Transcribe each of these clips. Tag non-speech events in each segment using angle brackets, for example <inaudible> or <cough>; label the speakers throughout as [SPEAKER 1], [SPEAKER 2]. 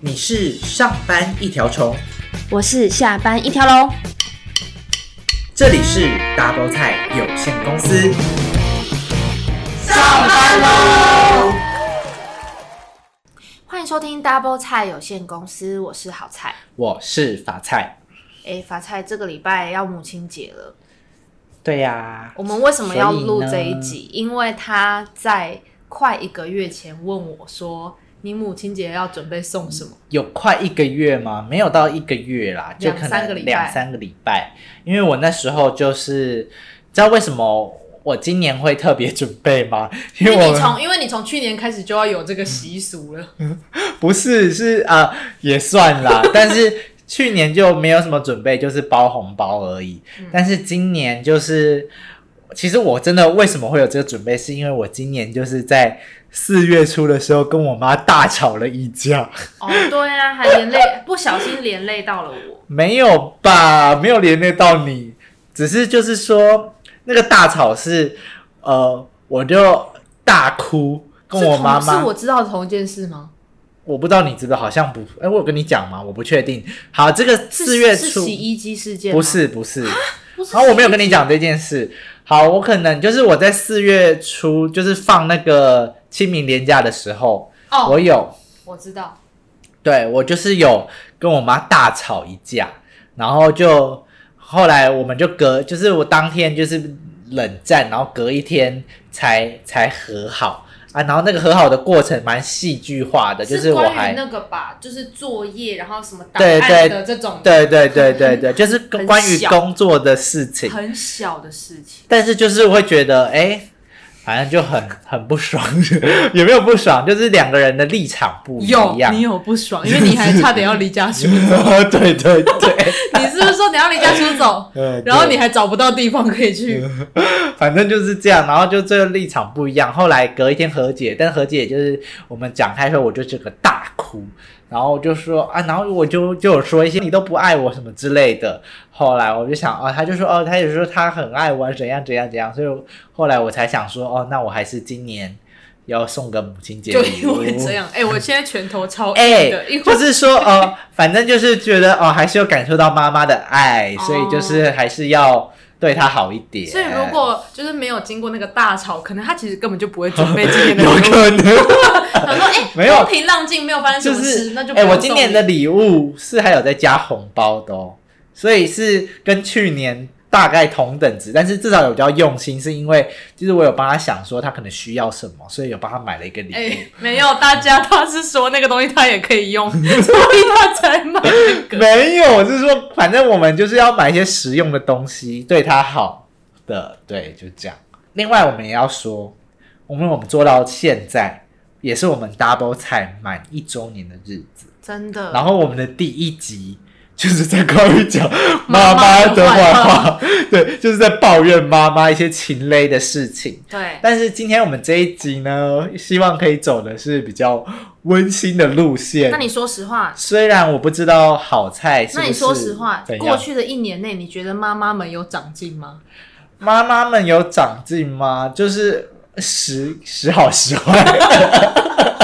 [SPEAKER 1] 你是上班一條蟲，
[SPEAKER 2] 我是下班一條龍。
[SPEAKER 1] 這裡是 Double 菜有限公司。
[SPEAKER 2] 上班嘍！歡迎收聽 Double 菜有限公司，我是好菜，
[SPEAKER 1] 我是法菜。
[SPEAKER 2] 哎、欸，法菜，這個禮拜要母親節了。
[SPEAKER 1] 對呀、啊，我們為什麼要錄這一集？
[SPEAKER 2] 因為他在。快一個月前問我說：“你母親節要準備送什麼，嗯？”
[SPEAKER 1] 有快一個月嗎？沒有到一個月啦，就可能兩三個禮拜。兩三個禮拜。因為我那時候就是知道為什麼我今年會特別準備嗎？因為你從因
[SPEAKER 2] 為你從去年開始就要有這個習俗了。
[SPEAKER 1] <laughs> 不是，是啊，也算啦。 <laughs> 但是去年就沒有什麼準備，就是包紅包而已。嗯、但是今年就是。其實我真的為什麼會有這個準備，是因為我今年就是在四月初的時候跟我媽大吵了一架。
[SPEAKER 2] 哦，對啊，還連累，不小心連累到了我。
[SPEAKER 1] 沒有吧？沒有連累到你，只是就是說那個大吵是，呃，我就大哭，跟我媽媽。是我
[SPEAKER 2] 知道的同一件事嗎？
[SPEAKER 1] 我不知道，你知道？好像不，哎、欸，我跟你講嘛，我不確定。好，這個四月初是是洗衣
[SPEAKER 2] 機事件，不是，
[SPEAKER 1] 不是。啊好、哦、我沒有跟你講這件事。好，我可能就是我在四月初就是放那個清明連假的時候，哦、我有，
[SPEAKER 2] 我知道，
[SPEAKER 1] 對我就是有跟我媽大吵一架，然後就後來我們就隔，就是我當天就是冷戰，然後隔一天才才和好。啊，然後那個和好的過程蠻戲劇化的，是就是我還那
[SPEAKER 2] 個吧，就是作業，然後什麼答案的這種，對
[SPEAKER 1] 對，對對對對，很就是關於工作的事情，
[SPEAKER 2] 很小，很小的事情，
[SPEAKER 1] 但是就是會覺得哎。誒反正就很很不爽，有沒有不爽？就是兩個人的立場不一樣，有
[SPEAKER 2] 你有不爽，就是、因為你還差點要離家出
[SPEAKER 1] 走。 <laughs> 對對對，對，
[SPEAKER 2] <laughs> 你是不是說你要離家出走？
[SPEAKER 1] 對然後你還
[SPEAKER 2] 找不到地方可以去，
[SPEAKER 1] 反正就是這樣。然後就最後立場不一樣，後來隔一天和解，但和解就是我們講開說，我就整個大哭。然後就說啊，然後我就就有說一些你都不愛我什麼之類的。後來我就想啊、哦，他就說哦，他有時候他很愛我，怎樣怎樣怎樣。所以後來我才想說哦，那我還是今年要送個母親節禮物。對，因為這樣
[SPEAKER 2] 哎、欸，我現在拳頭超硬的， <laughs> 欸、就是或者說
[SPEAKER 1] 哦、呃，反正就是覺得哦、呃，還是要感受到媽媽的愛，所以就是還是要。對他好一點，所以如果
[SPEAKER 2] 就是沒有經過那個大吵，可能他其實根本就不會準備今年
[SPEAKER 1] 的禮物。有可能他說：“哎、欸，沒有風平
[SPEAKER 2] 浪靜，沒有發生什麼事就是……哎、欸，你我今年的
[SPEAKER 1] 禮物是還有在加紅包的哦，所以是跟去年。”大概同等值，但是至少有比較用心，是因為就是我有幫他想說他可能需要什麼，所以有幫他買了一個禮物、
[SPEAKER 2] 欸。沒有大家，他是說那個東西他也可以用， <laughs> 所以他
[SPEAKER 1] 才買、那個。沒有，我是說，反正我們就是要買一些實用的東西，對他好的，對，就這樣。另外，我們也要說，我們我們做到現在，也是我們 Double Tsai 滿一周年的日子，
[SPEAKER 2] 真的。然
[SPEAKER 1] 後，我們的第一集。就是在關於講媽媽的壞話， <laughs> 對，就是在抱怨媽媽一些勤累的事情。對，但是今天我們這一集呢，希望可以走的是比較溫馨的路線。那
[SPEAKER 2] 你說實話，
[SPEAKER 1] 雖然我不知道好菜。那你說實話，樣過去
[SPEAKER 2] 的一年內，你覺得媽媽們有長進嗎？
[SPEAKER 1] 媽媽們有長進嗎？就是時時好時壞。 <laughs>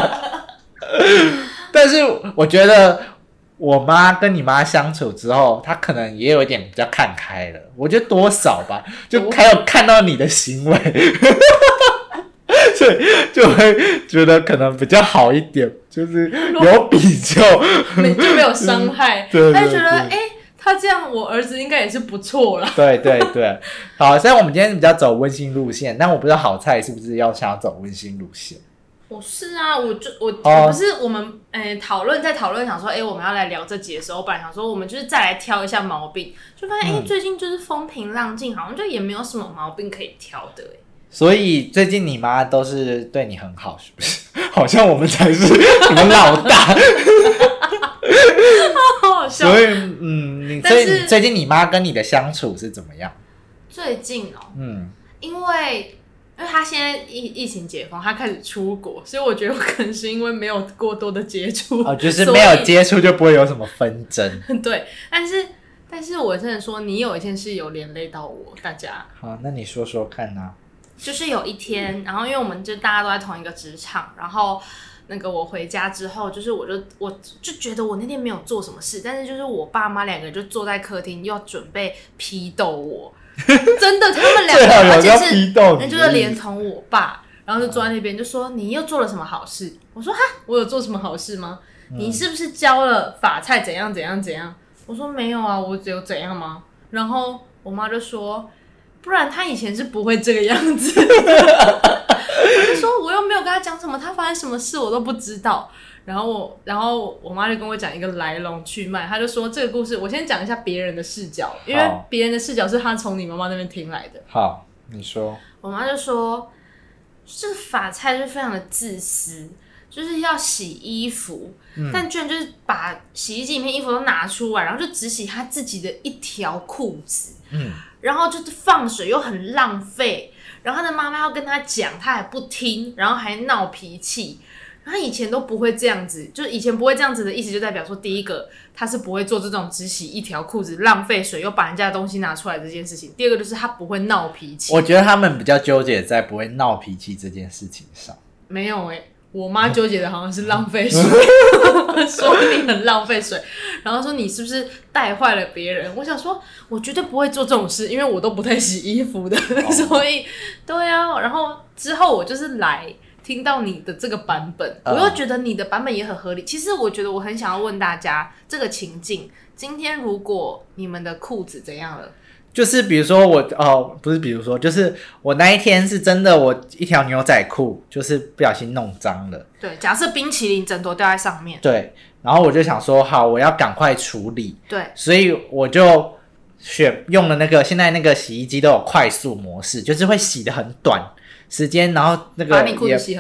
[SPEAKER 1] <laughs> <laughs> 但是我覺得。我媽跟你媽相處之後，她可能也有一點比較看開了，我覺得多少吧，就還有看到你的行為， <laughs> 所以就會覺得可能比較好一點，就是有比較、就
[SPEAKER 2] 是，就沒有傷害，就是、對，對，對，但覺得哎、欸，他這樣我兒子應該也是不錯啦。 <laughs>
[SPEAKER 1] 對對對，好，雖然我們今天是比較走溫馨路線，但我不知道好菜是不是要想要走溫馨路
[SPEAKER 2] 線。我、哦，是啊，我就我我、Oh. 不是我們哎，討、欸、論，在討論，想說哎、欸，我們要來聊這集的時候，我本來想說我們就是再來挑一下毛病，就發現哎，嗯、最近就是風平浪靜，好像就也沒有什麼毛病可以挑的、欸、
[SPEAKER 1] 所以最近你媽都是對你很好，是不是？好像我們才是你們老大，
[SPEAKER 2] <laughs> <laughs> 所以
[SPEAKER 1] 嗯，你最近是最近你媽跟你的相處是怎麼樣？
[SPEAKER 2] 最近哦，嗯，因為。因為他現在疫疫情解封，他開始出國，所以我覺得我可能是因為沒有過多的接觸，哦，就是沒有接觸
[SPEAKER 1] 就不會有什麼紛爭。
[SPEAKER 2] 對，但是但是，我真的說你有一件事有連累到我，大家。
[SPEAKER 1] 好，哦，那你說說看啊。
[SPEAKER 2] 就是有一天，然後因為我們就大家都在同一個職場，然後那個我回家之後，就是我就我就覺得我那天沒有做什麼事，但是就是我爸媽兩個人就坐在客廳，又要準備批鬥我。 <laughs> 真的，他們兩個，而且是，那實、嗯、就是連同我爸，然後就坐在那邊， <laughs> 就說你又做了什麼好事？我說哈，我有做什麼好事嗎？嗯、你是不是教了法菜怎樣怎樣怎樣？我說沒有啊，我只有怎樣嗎？然後我媽就說，不然他以前是不會這個樣子。我就說我又沒有跟他講什麼，他發生什麼事我都不知道。然後我，然後我媽就跟我講一個來龍去脈，她就說這個故事，我先講一下別人的視角，好因為別人的視角是她從你媽媽那邊聽來的。
[SPEAKER 1] 好，你說。
[SPEAKER 2] 我媽就說，這、就是、法菜就非常的自私，就是要洗衣服，嗯、但居然就是把洗衣機裡面衣服都拿出來，然後就只洗他自己的一條褲子，嗯，然後就是放水又很浪費，然後她的媽媽要跟他講，他還不聽，然後還鬧脾氣。他以前都不會這樣子，就是以前不會這樣子的意思，就代表說，第一個他是不會做這種只洗一條褲子浪費水又把人家的東西拿出來這件事情。第二個就是他不會鬧脾氣。我
[SPEAKER 1] 覺得他們比較糾結在不會鬧脾氣這件事情上。
[SPEAKER 2] 沒有誒、欸，我媽糾結的好像是浪費水，說你、哦、 <laughs> 很浪費水，然後說你是不是帶壞了別人。我想說，我絕對不會做這種事，因為我都不太洗衣服的，哦、 <laughs> 所以對啊，然後之後我就是來。聽到你的這個版本，我又覺得你的版本也很合理。嗯、其實我覺得我很想要問大家，這個情境今天如果你們的褲子怎樣了？
[SPEAKER 1] 就是比如說我哦，不是比如說，就是我那一天是真的，我一條牛仔褲就是不小心弄髒了。
[SPEAKER 2] 對，假設冰淇淋整坨掉在上面，
[SPEAKER 1] 對，然後我就想說，好，我要趕快處理。對，所以我就選用了那個，現在那個洗衣機都有快速模式，就是會洗得很短。時間，然後那個
[SPEAKER 2] 也不是，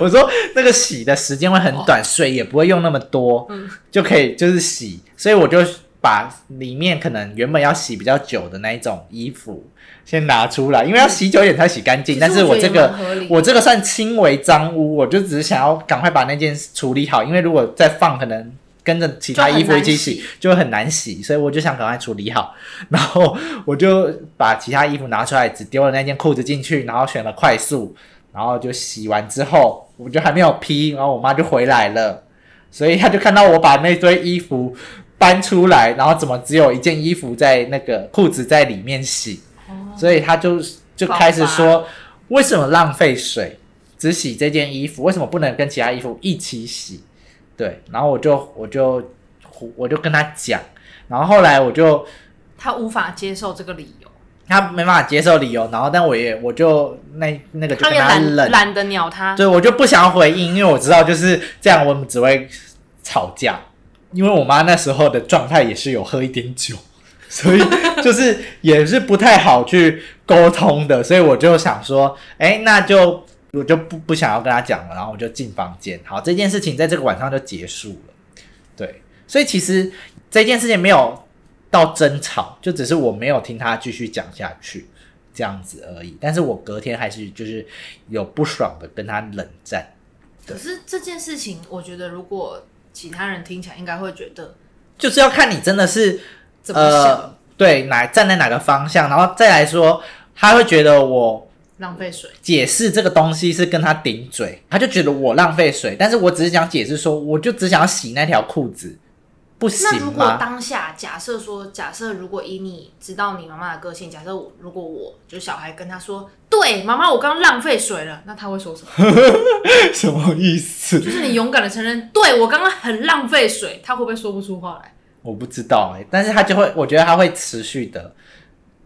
[SPEAKER 1] 我說那個洗的時間會很短，哦、水也不會用那麼多，
[SPEAKER 2] 嗯、就可以
[SPEAKER 1] 就是洗。所以我就把裡面可能原本要洗比較久的那一種衣服先拿出來，因為要洗久一點才洗乾淨。嗯、但是我這個我，我這個算輕微髒污，我就只是想要趕快把那件處理好，因為如果再放可能。跟着其他衣服一起洗，就很，洗就很難洗，所以我就想趕快處理好，然後我就把其他衣服拿出來，只丟了那件褲子進去，然後選了快速，然後就洗完之後，我就還沒有披，然後我媽就回來了，所以她就看到我把那堆衣服搬出來，然後怎麼只有一件衣服在那個褲子在裡面洗，哦、所以她就就開始說爸爸為什麼浪費水，只洗這件衣服，為什麼不能跟其他衣服一起洗？對，然後我就我就我就跟他講，然後後來我就
[SPEAKER 2] 他無法接受這個理由，
[SPEAKER 1] 他沒辦法接受理由，然後但我也我就那那個就蠻懶，懶
[SPEAKER 2] 得鳥他，對
[SPEAKER 1] 我就不想回應，因為我知道就是這樣，我們只會吵架。因為我媽那時候的狀態也是有喝一點酒，所以就是也是不太好去溝通的，所以我就想說，哎、欸，那就。我就不不想要跟他講了，然後我就進房間。好，這件事情在這個晚上就結束了。對，所以其實這件事情沒有到爭吵，就只是我沒有聽他繼續講下去這樣子而已。但是我隔天還是就是有不爽的跟他冷戰。
[SPEAKER 2] 對。可是這件事情，我覺得如果其他人聽起來，應該會覺得，
[SPEAKER 1] 就是要看你真的是麼呃，對哪站在哪個方向，然後再來說，他會覺得我。
[SPEAKER 2] 浪費水，解
[SPEAKER 1] 釋這個東西是跟他頂嘴，他就覺得我浪費水，但是我只是想解釋說，我就只想要洗那條褲子，
[SPEAKER 2] 不是。那如果當下假設說，假設如果以你知道你媽媽的個性，假設如果我就小孩跟他說，對，媽媽我剛剛浪費水了，那他會說什麼？
[SPEAKER 1] <laughs> 什麼意思？就是你
[SPEAKER 2] 勇敢的承認，對我剛剛很浪費水，他會不會說不出話來？
[SPEAKER 1] 我不知道哎、欸，但是他就會，我覺得他會持續的。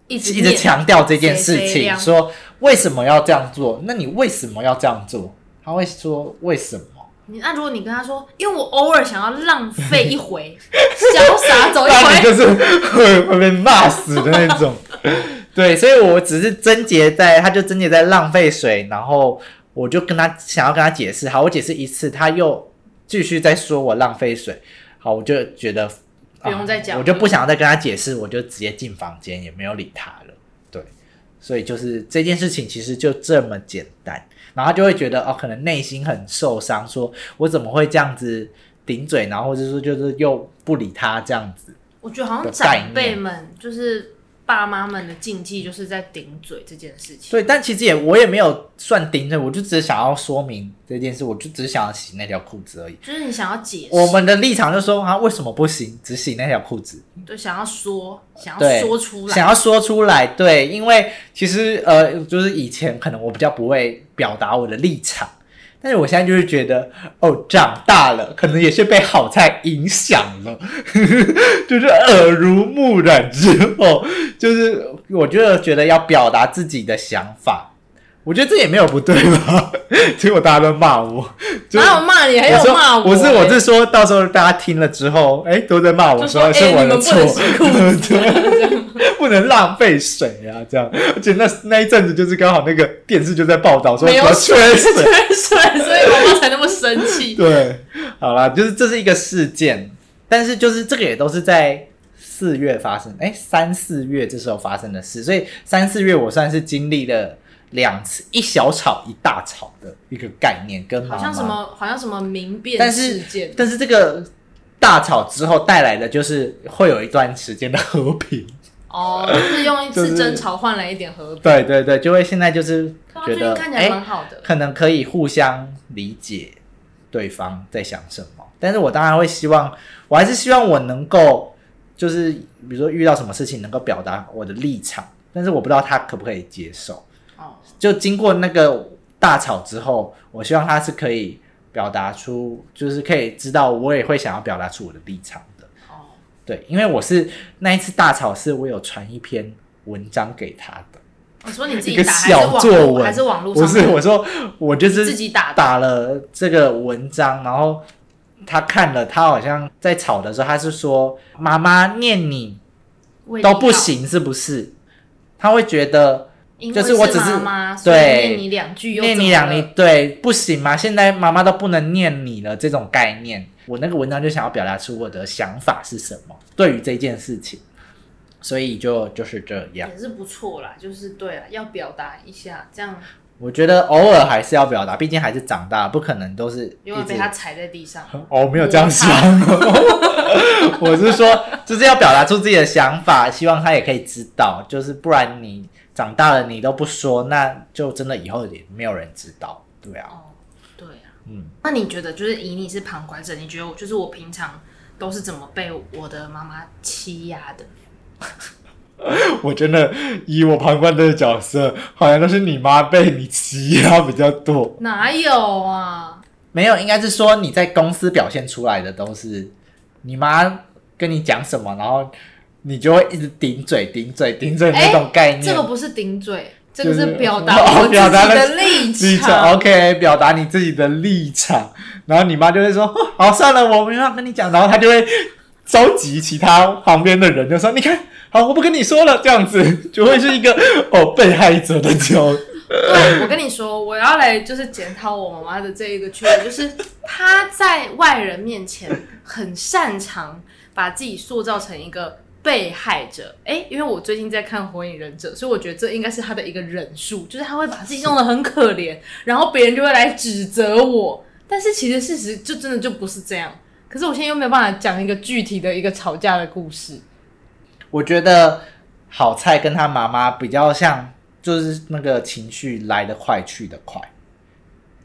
[SPEAKER 2] 一直一直強調這件事情，接接說
[SPEAKER 1] 為什麼要這樣做？那你為什麼要這樣做？他會說為什麼？
[SPEAKER 2] 你那如果你跟他說，因為我偶爾想要浪費一回， <laughs> 瀟灑走一回，就是
[SPEAKER 1] 會被罵死的那種。 <laughs> 對，所以我只是貞潔在，他就貞潔在浪費水，然後我就跟他想要跟他解釋，好，我解釋一次，他又繼續在說我浪費水，好，我就覺得。
[SPEAKER 2] 不用再講，我就不想
[SPEAKER 1] 再跟他解釋，我就直接進房間，也沒有理他了。對，所以就是這件事情其實就這麼簡單。然後他就會覺得哦，可能內心很受傷，說我怎麼會這樣子頂嘴，然後就是就是又不理他這樣子。
[SPEAKER 2] 我覺得好像長輩們就是。爸媽們的禁忌就是在頂嘴這件事情。
[SPEAKER 1] 對，但其實也我也沒有算頂嘴，我就只想要說明這件事，我就只想要洗那條褲子而已。就
[SPEAKER 2] 是你想要解釋我
[SPEAKER 1] 們的立場就，就說對啊，為什麼不行？只洗那條褲子。
[SPEAKER 2] 對，想要說，想要說出來，想要
[SPEAKER 1] 說出來，對，因為其實呃，就是以前可能我比較不會表達我的立場。但是我現在就是覺得，哦，長大了，可能也是被好菜影響
[SPEAKER 2] 了，
[SPEAKER 1] <laughs> 就是耳濡目染之後，就是我就覺、覺得要表達自己的想法，我覺得這也沒有不對吧，結 <laughs> 果大家都罵我，還有罵你，還有罵我、欸。我是，我是說到時候大家聽了之後，哎、欸，都在罵我說、說、欸、是我的
[SPEAKER 2] 錯。 <laughs> <laughs>
[SPEAKER 1] <laughs> 不能浪費水啊！這樣，而且那那一陣子就是剛好那個電視就在報道說我要缺水，
[SPEAKER 2] 所以媽媽才那麼生氣。 <laughs> 對，
[SPEAKER 1] 好啦，就是這是一個事件，但是就是這個也都是在四月發生，哎、欸，三四月這時候發生的事，所以三四月我算是經歷了兩次一小吵一大吵的一個概念，跟媽媽好像什麼
[SPEAKER 2] 好像什麼明辨事件。但是，
[SPEAKER 1] 但是這個大吵之後帶來的就是會有一段時間的和平。
[SPEAKER 2] 哦，就是用一次爭吵換來一點
[SPEAKER 1] 和平，呃就是。對對對，就會現在就是覺得看
[SPEAKER 2] 起來好的，
[SPEAKER 1] 可能可以互相理解對方在想什麼。但是我當然會希望，我還是希望我能夠，就是比如說遇到什麼事情能夠表達我的立場，但是我不知道他可不可以接受。哦，就經過那個大吵之後，我希望他是可以表達出，就是可以知道我也會想要表達出我的立場。對，因為我是那一次大吵，是我有傳一篇文章給他的。我
[SPEAKER 2] 說你自己打一個小作文還是網絡？不是，我是，我說
[SPEAKER 1] 我就是自己打打了這個文章，然後他看了，他好像在吵的時候，他是說媽媽念你都不行，是不是？他會覺得。因為是媽媽就是我只是對念你兩
[SPEAKER 2] 句又、念你兩句，
[SPEAKER 1] 對，不行嗎？現在媽媽都不能念你了，這種概念，我那個文章就想要表達出我的想法是什麼，對於這件事情，所以就就是這
[SPEAKER 2] 樣，也是不錯啦。就是對啊，要表達一下，這樣
[SPEAKER 1] 我覺得偶爾還是要表達，畢竟還是長大，不可能都是因為被他
[SPEAKER 2] 踩在地上
[SPEAKER 1] 哦。沒有這樣想，我， <laughs> <laughs> 我是說就是要表達出自己的想法，希望他也可以知道，就是不然你，長大了你都不說，那就真的以後也沒有人知道。對啊，哦、
[SPEAKER 2] 對啊，嗯。那你覺得，就是以你是旁觀者，你覺得我就是我平常都是怎麼被我的媽媽欺壓的？
[SPEAKER 1] <laughs> 我真的以我旁觀者的角色，好像都是你媽被你欺壓比較多。
[SPEAKER 2] 哪有啊？
[SPEAKER 1] 沒有，應該是說你在公司表現出來的都是你媽跟你講什麼，然後。你就會一直頂嘴，頂嘴，頂嘴那種概念。欸、這個不
[SPEAKER 2] 是頂嘴，就是、這個是表達自己的立場。我表達了立場 OK，
[SPEAKER 1] 表達你自己的立場。然後你媽就會說：“好，算了，我沒辦法跟你講。”然後她就會召集其他旁邊的人，就說：“你看，好，我不跟你說了。”這樣子就會是一個 <laughs> 哦，被害者的角。對、 <laughs> 嗯，我跟
[SPEAKER 2] 你說，我要來就是檢討我媽媽的這一個缺點，就是她 <laughs> 在外人面前很擅長把自己塑造成一個。被害者，誒、欸，因為我最近在看《火影忍者》，所以我覺得這應該是他的一個忍術，就是他會把自己弄得很可憐，然後別人就會來指責我。但是其實事實就真的就不是這樣。可是我現在又沒有辦法講一個具體的一個吵架的故事。
[SPEAKER 1] 我覺得好菜跟他媽媽比較像，就是那個情緒來得快去得快。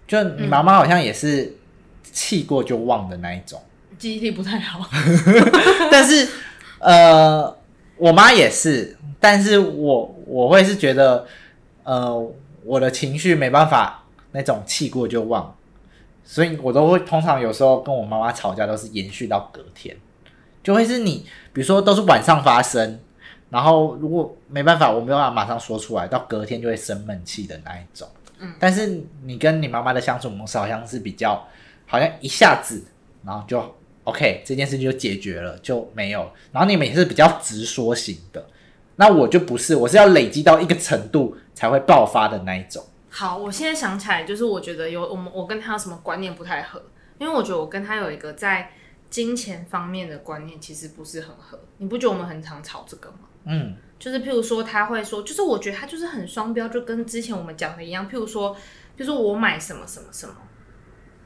[SPEAKER 1] 就你媽媽好像也是氣過就忘的那一種，
[SPEAKER 2] 嗯、記憶力不太好。
[SPEAKER 1] <laughs> 但是。呃，我媽也是，但是我我會是覺得，呃，我的情緒沒辦法那種氣過就忘，所以我都會通常有時候跟我媽媽吵架都是延續到隔天，就會是你比如說都是晚上發生，然後如果沒辦法，我沒有辦法馬上說出來，到隔天就會生悶氣的那一種。嗯，但是你跟你媽媽的相處模式好像是比較，好像一下子然後就。OK，這件事情就解決了，就沒有。然後你們也是比較直說型的，那我就不是，我是要累積到一個程度才會爆發的那一種。
[SPEAKER 2] 好，我現在想起來，就是我覺得有我們，我跟他有什麼觀念不太合，因為我覺得我跟他有一個在金錢方面的觀念其實不是很合。你不覺得我們很常吵這個嗎？嗯，就是譬如說他會說，就是我覺得他就是很雙標，就跟之前我們講的一樣，譬如說，譬如說我買什麼什麼什麼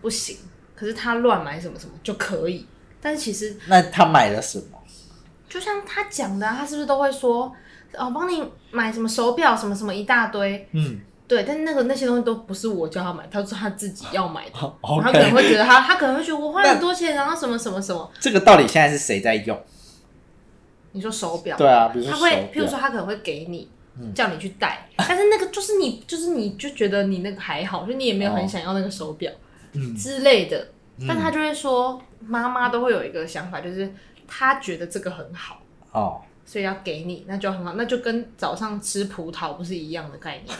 [SPEAKER 2] 不行，可是他亂買什麼什麼就可以，但是其實
[SPEAKER 1] 那他買了什麼？
[SPEAKER 2] 就像他講的、啊，他是不是都會說哦，幫你買什麼手錶什麼什麼一大堆？嗯，對。但那個那些東西都不是我叫他買，他說他自己要買的。
[SPEAKER 1] 啊啊、然後他可能會覺得
[SPEAKER 2] 他他可能會覺得我花很多錢，那然後什麼什麼什麼。這
[SPEAKER 1] 個到底現在是誰在用？
[SPEAKER 2] 你說手錶？對啊，比如他會，譬如說他可能會給你、嗯、叫你去戴，但是那個就是你、啊、就是你就覺得你那個還好，就你也沒有很想要那個手錶。哦之類的，嗯、但他就會說，媽媽、嗯、都會有一個想法，就是他覺得這個很好，哦，所以要給你，那就很好，那就跟早上吃葡萄不是一樣的概念。 <laughs>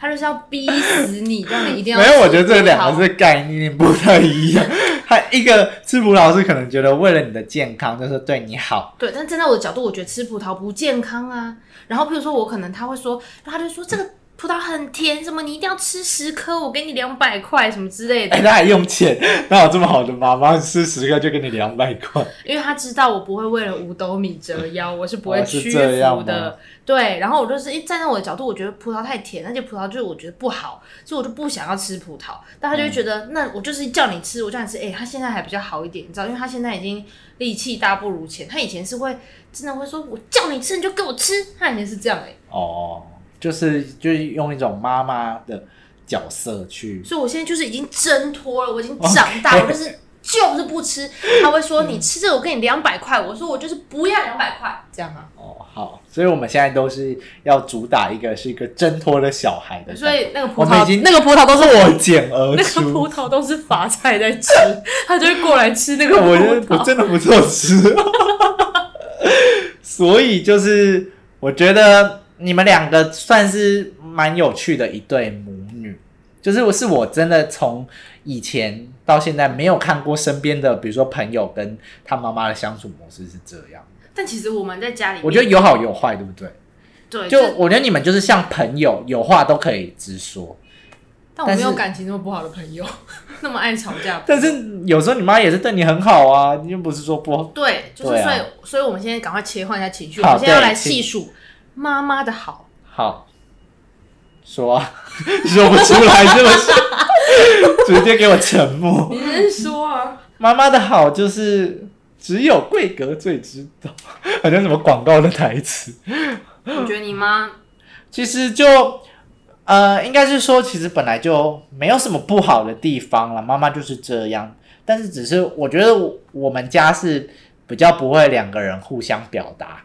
[SPEAKER 2] 他就是要逼死你， <laughs> 讓你一定要。沒有，我覺
[SPEAKER 1] 得這兩個是概念不太一樣。 <laughs> 他一個吃葡萄是可能覺得為了你的健康，就是對你好。
[SPEAKER 2] 對，但站在我的角度，我覺得吃葡萄不健康啊。然後，譬如說我可能他會說，他就說這個、嗯。葡萄很甜，什麼你一定要吃十顆，我給你兩百塊，什麼之類的。欸、那還用
[SPEAKER 1] 錢？哪有這麼好的媽媽，吃十顆就給你兩百
[SPEAKER 2] 塊。因為他知道我不會為了五斗米折腰，我是不會屈服的。啊、對，然後我就是一站在我的角度，我覺得葡萄太甜，而且葡萄就是我覺得不好，所以我就不想要吃葡萄。但他就會覺得，嗯、那我就是叫你吃，我叫你吃。哎、欸，他現在還比較好一點，你知道，因為他現在已經力氣大不如前，他以前是會真的會說，我叫你吃你就給我吃，他以前是這樣的、欸、
[SPEAKER 1] 哦。就是就是用一種媽媽的角色去，
[SPEAKER 2] 所以我現在就是已經掙脫了，我已經長大了，我 Okay. 就是就是不吃。他會說、嗯、你吃這個，我給你兩百塊。我說我就是不要兩百塊，這樣啊。哦，
[SPEAKER 1] 好，所以我們現在都是要主打一個是一個掙脫的小孩的，所
[SPEAKER 2] 以那個葡萄已經那個葡萄都是我
[SPEAKER 1] 剪 <laughs> 而 <laughs> 那個葡
[SPEAKER 2] 萄都是發菜在吃，他就會過來吃那個葡萄， <laughs> 我覺得我真
[SPEAKER 1] 的不錯吃。 <laughs> <laughs> 所以就是我覺得。你們兩個算是蠻有趣的一對母女，就是我是我真的從以前到現在沒有看過身邊的，比如說朋友跟他媽媽的相處模式是這樣，
[SPEAKER 2] 但其實我們在家裡，我
[SPEAKER 1] 覺得有好有壞，對，對不對？
[SPEAKER 2] 對，就
[SPEAKER 1] 我覺得你們就是像朋友，有話都可以直說。
[SPEAKER 2] 但我沒有感情那麼不好的朋友，是 <laughs> 那麼愛吵架。但是
[SPEAKER 1] 有時候你媽也是對你很好啊，你又不是說不好。
[SPEAKER 2] 對，就是所以，啊、所以我們現在趕快切換一下情緒，好我們現在要來細數媽媽的好，
[SPEAKER 1] 好，說、啊、說不出來這麼，是不是？直接給我沉默。你
[SPEAKER 2] 認真說
[SPEAKER 1] 啊！媽媽的好就是只有桂格最知道，好像什麼廣告的台詞。
[SPEAKER 2] 我覺得你媽？
[SPEAKER 1] 其實就呃，應該是說，其實本來就沒有什麼不好的地方了。媽媽就是這樣，但是只是我覺得我們家是比較不會兩個人互相表達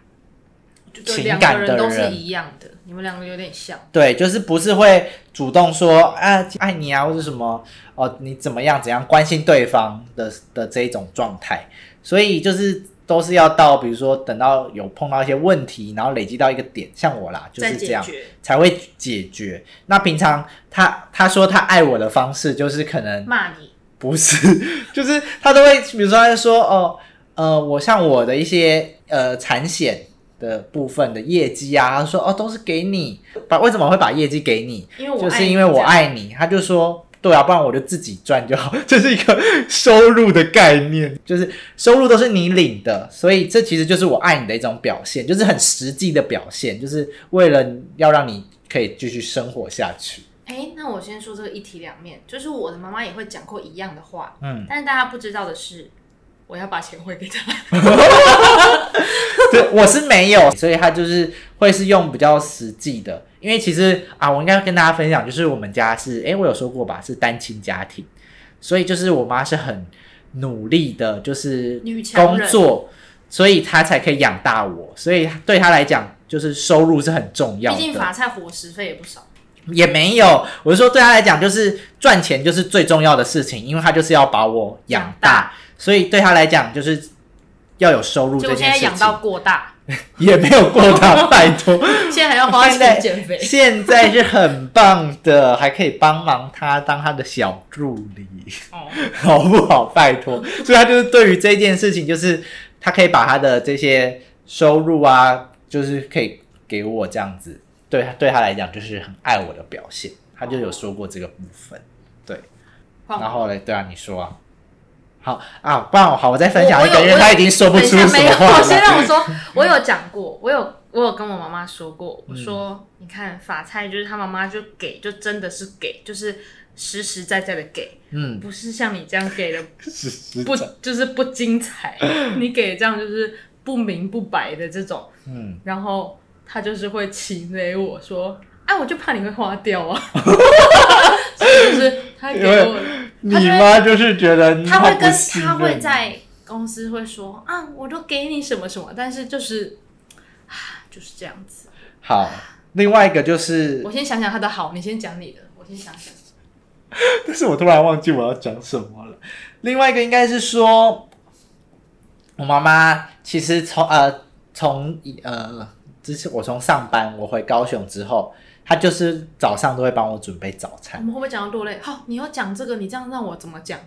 [SPEAKER 1] 情感的人都是
[SPEAKER 2] 一樣的，的你們兩個有點像。
[SPEAKER 1] 對，就是不是會主動說啊愛你啊或者什麼哦你怎麼樣怎樣關心對方的的這一種狀態，所以就是都是要到比如說等到有碰到一些問題，然後累積到一個點，像我啦就是這樣解決才會解決。那平常他他說他愛我的方式就是可能是罵你，不是 <laughs> 就是他都會比如說他就說哦呃，呃我像我的一些呃產險。的部分的業績啊，他說哦都是給你把，為什麼會把業績給你？因為我愛你，就是因為我愛你。這樣。他就說對啊，不然我就自己賺就好。這，就是一個收入的概念，就是收入都是你領的，所以這其實就是我愛你的一種表現，就是很實際的表現，就是為了要讓你可以繼續生活下去。
[SPEAKER 2] 誒，那我先說這個一體兩面，就是我的媽媽也會講過一樣的話，嗯，但是大家不知道的是。我要把錢
[SPEAKER 1] 匯給他。 <laughs> 對，我是沒有，所以他就是會是用比較實際的，因為其實啊，我應該要跟大家分享，就是我們家是，哎、欸，我有說過吧，是單親家庭，所以就是我媽是很努力的，就是工作，所以她才可以養大我，所以對她來講，就是收入是很重要的，畢竟法
[SPEAKER 2] 菜伙食費也不少。
[SPEAKER 1] 也沒有，我是說，對他來講，就是賺錢就是最重要的事情，因為他就是要把我養大，所以對他來講就是要有收入這件事情。就現在養到過大，也沒有過大， <laughs> 拜託。現
[SPEAKER 2] 在還要花錢減肥。現在，
[SPEAKER 1] 現在是很棒的，還可以幫忙他當他的小助理， <laughs> 好不好？拜託，所以他就是對於這件事情，就是他可以把他的這些收入啊，就是可以給我這樣子。對，對他來講就是很愛我的表現，他就有說過這個部分。對，oh. 然後呢？對啊，你說啊，好啊，不然我好，我再分享一個我我，因為他已經說不出話了，沒有。我先讓我說，對我
[SPEAKER 2] 有講過，我有，我有跟我媽媽說過，我說，嗯、你看法菜就是他媽媽就給，就真的是給，就是實實在在，在的給，
[SPEAKER 1] 嗯，不
[SPEAKER 2] 是像你這樣給的不，不 <laughs> 在就是不精彩，你給的這樣就是不明不白的這種，嗯，然後。他就是會勤鐳我說，哎、啊，我就怕你會花掉啊。 <laughs> <laughs> 所以就是他給我，你媽就，就是
[SPEAKER 1] 覺得你他會跟他會
[SPEAKER 2] 在公司會說啊，我都給你什麼什麼，但是就是啊，就是這樣子。
[SPEAKER 1] 好，另外一個就是我
[SPEAKER 2] 先想想他的好，你先講你的，我先想想。
[SPEAKER 1] <laughs> 但是我突然忘記我要講什麼了。
[SPEAKER 2] <laughs> 另外一個應該是說，
[SPEAKER 1] 我媽媽其實從呃從呃。從呃只是我從上班，我回高雄之後，他就是早上都會幫我準備早餐。我
[SPEAKER 2] 們會不會講到落淚？好，oh，你要講這個，你這樣讓我怎麼講？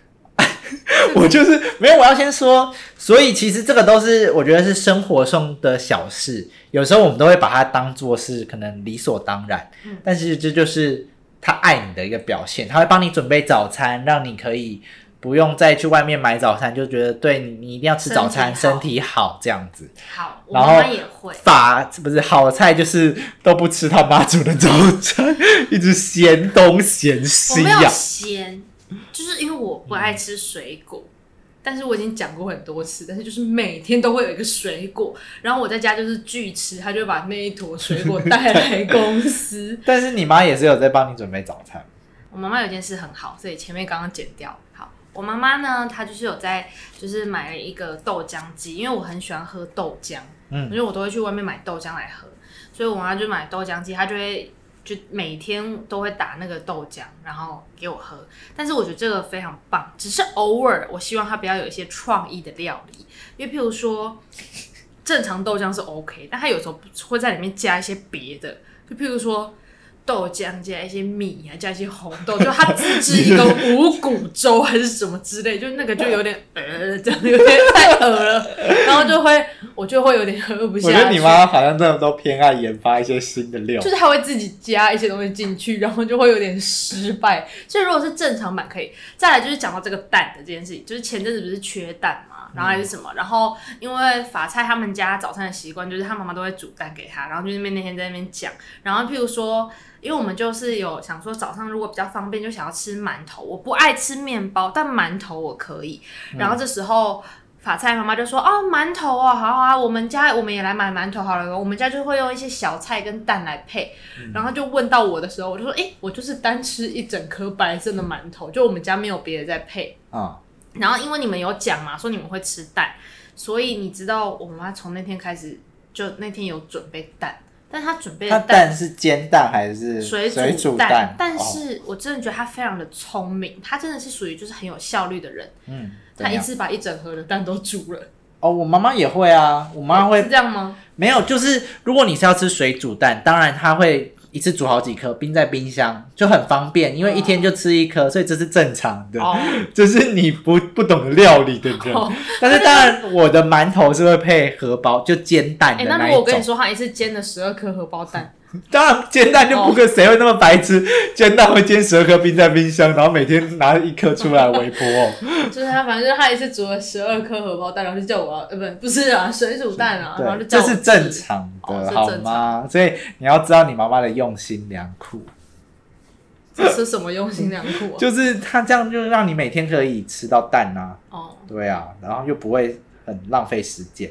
[SPEAKER 2] <laughs>
[SPEAKER 1] <laughs> 我就是沒有，我要先說。所以其實這個都是我覺得是生活中的小事，有時候我們都會把它當做是可能理所當然。嗯、但是這就是他愛你的一個表現，他會幫你準備早餐，讓你可以。不用再去外面買早餐，就覺得，對，你你一定要吃早餐，身體，身體好這樣子。
[SPEAKER 2] 好，然後我媽也會
[SPEAKER 1] 把，不是好菜，就是都不吃他媽煮的早餐，一直嫌東嫌西呀、啊。
[SPEAKER 2] 嫌就是因為我不愛吃水果，嗯、但是我已經講過很多次，但是就是每天都會有一個水果，然後我在家就是拒吃，他就會把那一坨水果帶來公司。
[SPEAKER 1] <laughs> 但是你媽也是有在幫你準備早餐。
[SPEAKER 2] 我媽媽有件事很好，所以前面剛剛剪掉我媽媽呢，她就是有在，就是買了一個豆漿機，因為我很喜歡喝豆漿，嗯，因為我都會去外面買豆漿來喝，所以我媽就買豆漿機，她就會就每天都會打那個豆漿，然後給我喝。但是我覺得這個非常棒，只是偶爾，我希望她不要有一些創意的料理，因為譬如說，正常豆漿是 OK，但她有時候會在裡面加一些別的，就譬如說。豆漿加一些米啊，加一些紅豆，就他自製一個五穀粥還是什麼之類， <laughs> 就那個就有點呃，這樣有點太噁了，然後就會我就會有點喝不下去。我覺得你媽
[SPEAKER 1] 好像真的都偏愛研发一些新的料，就是她會
[SPEAKER 2] 自己加一些東西進去，然後就會有點失敗。所以如果是正常版可以，再來就是講到這個蛋的這件事情，就是前陣子不是缺蛋嘛，然後還是什麼，嗯、然後因為法菜他們家早餐的習慣就是他媽媽都會煮蛋給她，然後就是那天在那邊講，然後譬如說。因為我們就是有想說早上如果比較方便，就想要吃饅頭。我不愛吃面包，但饅頭我可以。然後這時候法菜媽媽就說：“嗯、哦，饅頭啊、哦，好,好啊，我們家我們也來買饅頭好了。我們家就會用一些小菜跟蛋來配。嗯”然後就問到我的時候，我就說：“哎，我就是單吃一整顆白色的饅頭，嗯、就我們家沒有別的在配啊。嗯”然後因為你們有講嘛，說你們會吃蛋，所以你知道我媽從那天開始就那天有準備蛋。但他準備的蛋，蛋是
[SPEAKER 1] 煎蛋還是水煮蛋？但是
[SPEAKER 2] 我真的覺得他非常的聰明，哦、他真的是屬於就是很有效率的人。嗯，他一次把一整盒的蛋都煮了。
[SPEAKER 1] 哦，我媽媽也會啊，我媽，媽會、哦、是這樣嗎？沒有，就是如果你是要吃水煮蛋，當然他會。一次煮好幾顆，冰在冰箱就很方便，因為一天就吃一顆，oh. 所以這是正常的。Oh. 就是你不不懂料理對不對？Oh. 但是當然，我的饅頭是會配荷包，oh. 就煎蛋的那種、欸、那如果我跟你
[SPEAKER 2] 說，他一次煎了十二顆荷包蛋。
[SPEAKER 1] 當然，煎蛋就不夠，誰會那麼白痴，oh. 煎蛋會煎十二顆冰在冰箱，然後每天拿一顆出來微波。 <laughs> 就是他，反
[SPEAKER 2] 正就是他一次煮了十二顆荷包蛋，然後就叫我、啊，呃，不不是啊，水煮蛋啊，然後就叫我。這是
[SPEAKER 1] 正常的，oh, 好嗎？所以你要知道你媽媽的用心良苦。
[SPEAKER 2] 這是什麼用心良苦，啊？ <laughs> 就
[SPEAKER 1] 是他這樣就讓你每天可以吃到蛋啊。哦。Oh. 對啊，然後又不會很浪費時間。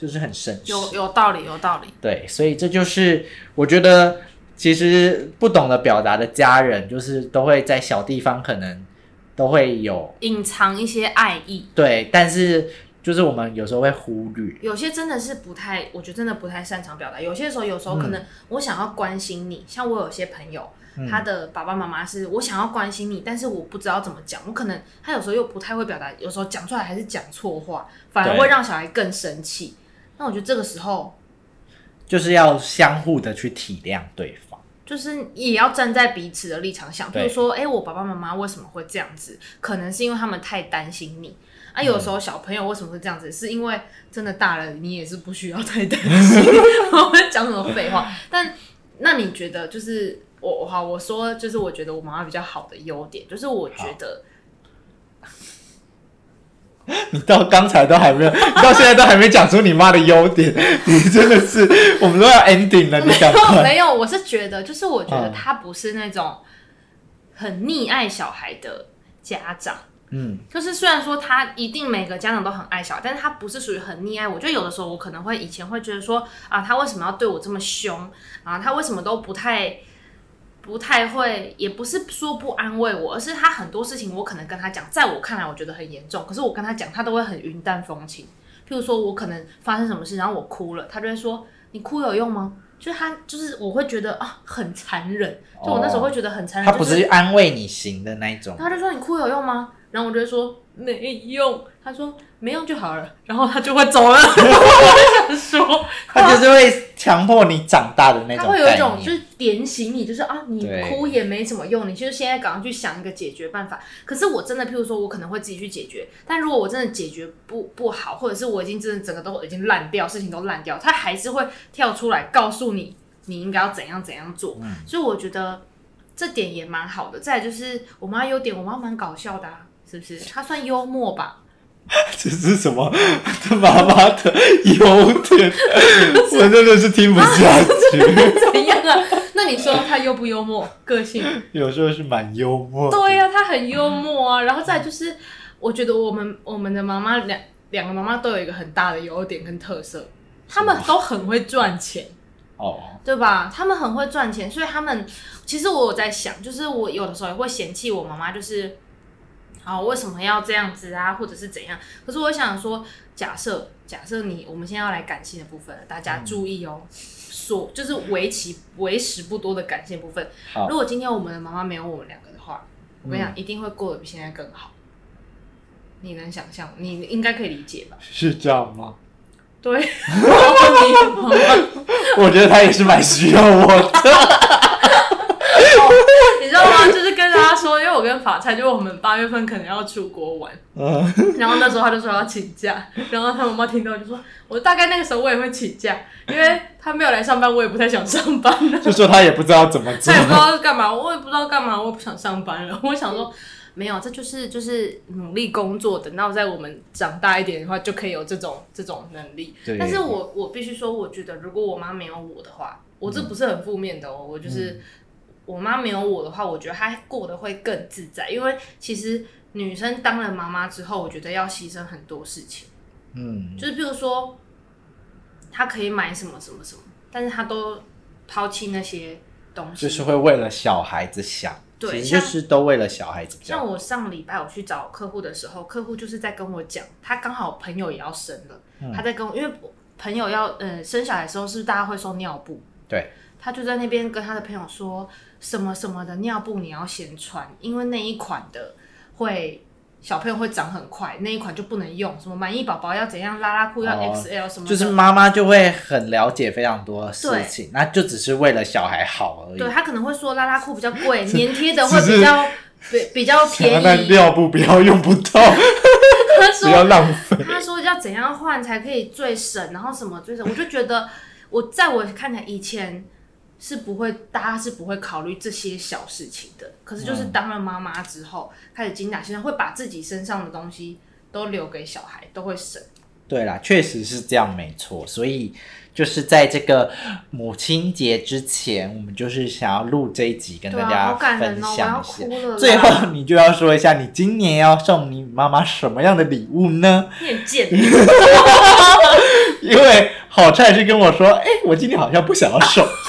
[SPEAKER 1] 就是很神奇，有
[SPEAKER 2] 有道理，有道理。
[SPEAKER 1] 對，所以這就是我覺得，其實不懂得表達的家人，就是都會在小地方可能都會有
[SPEAKER 2] 隱藏一些愛意。
[SPEAKER 1] 對，但是就是我們有時候會忽略，
[SPEAKER 2] 有些真的是不太，我覺得真的不太擅長表達。有些時候，有時候可能我想要關心你，嗯、像我有些朋友，嗯、他的爸爸媽媽是我想要關心你，但是我不知道怎麼講，我可能他有時候又不太會表達，有時候講出來還是講錯話，反而會讓小孩更生氣。那我覺得這個時候
[SPEAKER 1] 就是要相互的去體諒對方，
[SPEAKER 2] 就是也要站在彼此的立場想。譬對如說，哎、欸，我爸爸媽媽為什麼會這樣子？可能是因為他們太擔心你。啊，有時候小朋友為什麼會這樣子？嗯、是因為真的大了，你也是不需要太擔心。我們講什麼廢話。 <laughs> 但那你覺得，就是我好，我說就是我覺得我媽媽比較好的優點，就是我覺得。
[SPEAKER 1] 你到剛才都還沒有，你到現在都還沒講出你媽的優點， <laughs> 你真的是，我們都要 ending 了，你趕快沒。沒
[SPEAKER 2] 有，我是覺得，就是我覺得他不是那種很溺愛小孩的家長，嗯，就是雖然說他一定每個家長都很愛小孩，但是他不是屬於很溺愛我。我覺得有的時候我可能會以前會覺得說啊，他為什麼要對我這麼凶啊，他為什麼都不太。不太會，也不是說不安慰我，而是他很多事情我可能跟他講，在我看來我覺得很嚴重，可是我跟他講，他都會很雲淡風輕。譬如說我可能發生什麼事，然後我哭了，他就會說：“你哭有用嗎？”就是他就是我會覺得啊很殘忍，就我那時候會覺得很殘忍。Oh, 就是、他不是
[SPEAKER 1] 安慰你型的那一種，他
[SPEAKER 2] 就說：“你哭有用嗎？”然後我就會說：“沒用。”他說沒用就好了，然後他就會走了。我想說，他就是會
[SPEAKER 1] 強迫你長大的那種。他會有一種就
[SPEAKER 2] 是點醒你，就是啊，你哭也沒什麼用，你其實現在趕快去想一個解決辦法。可是我真的，譬如說，我可能會自己去解決。但如果我真的解決不不好，或者是我已經真的整個都已經爛掉，事情都爛掉，他還是會跳出來告訴你，你應該要怎樣怎樣做。嗯、所以我覺得這點也蠻好的。再來就是我媽優點，我媽蠻搞笑的、啊，是不是？她算幽默吧。
[SPEAKER 1] 這是什麼？他媽媽的優點， <laughs> 是我真的是聽不下去。啊、怎麼
[SPEAKER 2] 樣啊？那你說他幽不幽默？個性
[SPEAKER 1] <laughs> 有時候是蠻幽默的。
[SPEAKER 2] 對呀、啊，他很幽默啊。然後再就是，嗯、我覺得我們我們的媽媽兩兩個媽媽都有一個很大的優點跟特色，啊、他們都很會賺錢哦，對吧？他們很會賺錢，所以他們其實我在想，就是我有的時候也會嫌棄我媽媽，就是。好，為什麼要這樣子啊？或者是怎樣？可是我想說，假設假設你，我們現在要來感性的部分，大家注意哦。嗯、所就是為其為時不多的感性的部分。好如果今天我們的媽媽沒有我們兩個的話，
[SPEAKER 1] 我跟你講，一
[SPEAKER 2] 定會過得比現在更好。嗯、你能想象？你應該可以理解吧？
[SPEAKER 1] 是這樣嗎？
[SPEAKER 2] 對。我覺得他也是
[SPEAKER 1] 蠻需要我的。 <laughs>
[SPEAKER 2] <laughs> 哦、你知道嗎？就是跟他說，因為我跟法菜，就我們八月份可能要出國玩， <laughs> 然後那時候他就說要請假，然後他媽媽聽到就說，我大概那個時候我也會請假，因為他沒有來上班，我也不太想上班了。
[SPEAKER 1] 就說他也不知道怎麼，他也不知道
[SPEAKER 2] 幹嘛，我也不知道幹嘛，我不想上班了。我想說，沒有，這就是就是努力工作，等到在我們長大一點的話，就可以有這種這種能力。對對對，但是我我必須說，我覺得如果我媽沒有我的話，我這不是很負面的哦、喔，我就是。嗯我媽沒有我的話，我覺得她過得會更自在，因為其實女生當了媽媽之後，我覺得要犧牲很多事情。嗯，就是譬如說她可以買什麼什麼什麼，但是她都拋棄那些東西，就是
[SPEAKER 1] 會為了小孩子想，對，其實就是都為了
[SPEAKER 2] 小孩子想。像我上禮拜我去找客戶的時候，客戶就是在跟我講，他剛好朋友也要生了，嗯，他在跟我，因為朋友要呃生小孩的時候，是不是大家會送尿布，對，他就在那邊跟他的朋友說。什麼什麼的尿布你要先穿，因為那一款的會小朋友會長很快，那一款就不能用。什麼滿意寶寶要怎樣拉拉褲要 XL 什麼的，呃，就是
[SPEAKER 1] 媽媽就會很了解非常多事情，對那就只是為了小孩好而已。對，他
[SPEAKER 2] 可能會說拉拉褲比較貴，粘貼的會比較是比比較便宜，尿
[SPEAKER 1] 布不要用不到，
[SPEAKER 2] 比較 <laughs> 說浪費。他說要怎樣換才可以最省，然後什麼最省，我就覺得我在我看來以前。是不會，大家是不會考慮這些小事情的。可是，就是當了媽媽之後，嗯、開始精打細算，會把自己身上的東西都留給小孩，都會省。
[SPEAKER 1] 對啦，確實是這樣，沒錯。所以，就是在這個母親節之前，我們就是想要錄這一集，跟大家分享。最後，你就要說一下，你今年要送你媽媽什麼樣的禮物呢？
[SPEAKER 2] <laughs> <laughs>
[SPEAKER 1] 因為好菜是跟我說：“哎、欸，我今年好像不想要送。” <laughs>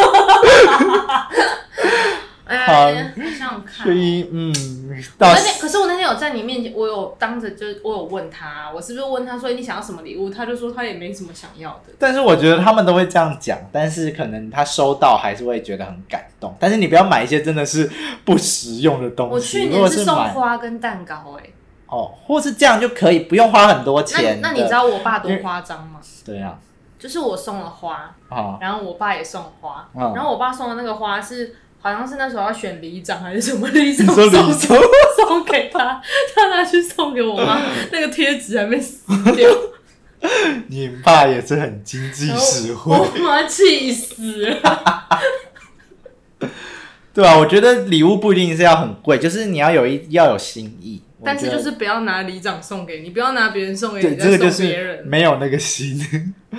[SPEAKER 2] 好可、欸嗯、看所
[SPEAKER 1] 以，嗯，是我那天
[SPEAKER 2] 可是我那天有在你面前，我有當着就我有問他，我是不是問他說你想要什麼禮物？他就說他也沒什麼想要的。
[SPEAKER 1] 但是我覺得他們都會這樣講，但是可能他收到還是會覺得很感動。但是你不要買一些真的是不實用的東西。我去年是送花
[SPEAKER 2] 跟蛋糕，欸、哎，
[SPEAKER 1] 哦，或是這樣就可以不用花很多錢那。那你知
[SPEAKER 2] 道我爸多誇張嗎？對啊，就是我送了花啊，哦、然後我爸也送花，哦、然後我爸送的那個花是。好像是那時候要選里長還是什麼，里長送送給他，他拿去送給我媽。 <laughs> 那個貼紙還沒撕掉。
[SPEAKER 1] <laughs> 你爸也是很經濟實惠，欸、
[SPEAKER 2] 我媽氣死了。
[SPEAKER 1] <laughs> 對啊，我覺得禮物不一定是要很貴，就是你要有一要有心意。但是就是
[SPEAKER 2] 不要拿里長送給你，不要拿別人送給你對送別人，
[SPEAKER 1] 沒有那個心。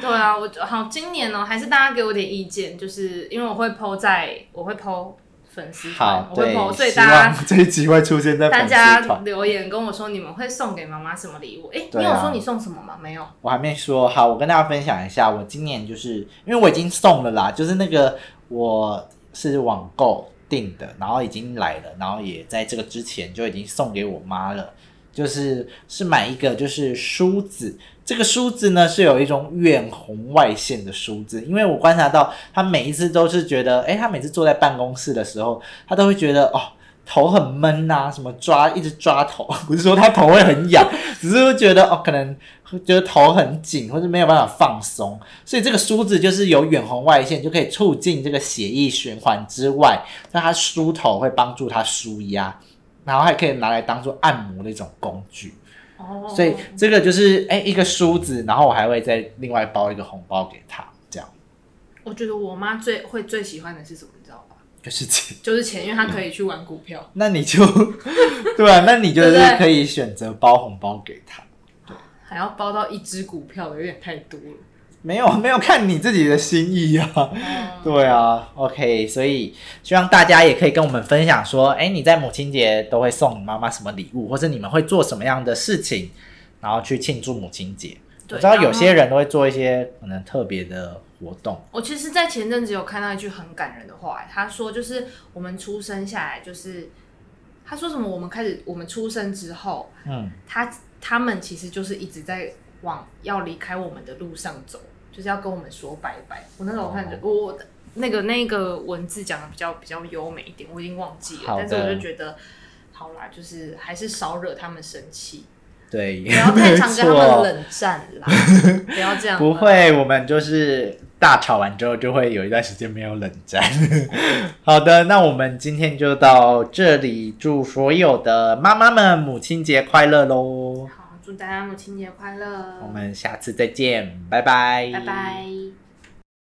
[SPEAKER 2] 對啊，我好，今年哦、喔，還是大家給我點意見，就是因為我會 po 在，我會 po 粉絲團好，我會 po 對，所以大家希望
[SPEAKER 1] 這一集會出現在粉絲團。大
[SPEAKER 2] 家留言跟我說你們會送給媽媽什麼禮物？哎、欸，啊、你有說你送什麼嗎？沒有，
[SPEAKER 1] 我還沒說。好，我跟大家分享一下，我今年就是因為我已經送了啦，就是那個我是網購。定的，然後已經來了，然後也在這個之前就已經送給我媽了。就是是買一個，就是梳子。這個梳子呢是有一種遠紅外線的梳子，因為我觀察到她每一次都是覺得，哎，她每次坐在辦公室的時候，她都會覺得哦。頭很悶吶、啊，什麼抓一直抓頭，不是說他頭會很癢，只是會覺得哦，可能覺得頭很緊，或者沒有辦法放鬆。所以這個梳子就是有遠紅外線，就可以促進這個血液循環之外，那它梳頭會幫助他舒壓，然後還可以拿來當做按摩的一種工具。哦
[SPEAKER 2] ，oh. 所以
[SPEAKER 1] 這個就是哎、欸、一個梳子，然後我還會再另外包一個紅包給他，這樣。
[SPEAKER 2] 我覺得我媽最會最喜歡的是什麼？
[SPEAKER 1] 就是錢，
[SPEAKER 2] 就是錢，因為他可以去玩股票。
[SPEAKER 1] <laughs> 那你就對啊，那你就是可以選擇包紅包給他。
[SPEAKER 2] 對，還要包到一支股票有點太多了。
[SPEAKER 1] 沒有，沒有，看你自己的心意啊。 <laughs> 對啊，OK，所以希望大家也可以跟我們分享說，哎、欸，你在母親節都會送媽媽什麼禮物，或者你們會做什麼樣的事情，然後去慶祝母親節。對我知道有些人都會做一些可能特別的。我懂，
[SPEAKER 2] 我其實，在前陣子有看到一句很感人的話，他說就是我們出生下來，就是他說什麼，我們開始我們出生之後，嗯，他他們其實就是一直在往要離開我們的路上走，就是要跟我們說拜拜。我那時候看着、哦、我，我的那個那個文字講的比較比較優美一點，我已經忘記了，的但是我就覺得，好啦，就是還是少惹他們生氣，
[SPEAKER 1] 對，不要太常跟他們冷
[SPEAKER 2] 戰啦，錯 <laughs> 不要這樣，不
[SPEAKER 1] 會，我們就是。大吵完之後，就會有一段時間沒有冷戰。 <laughs> 好的，那我們今天就到這裡，祝所有的媽媽們母親節快樂嘍！好，祝
[SPEAKER 2] 大家母親節快樂！我
[SPEAKER 1] 們下次再見，拜拜！拜
[SPEAKER 2] 拜。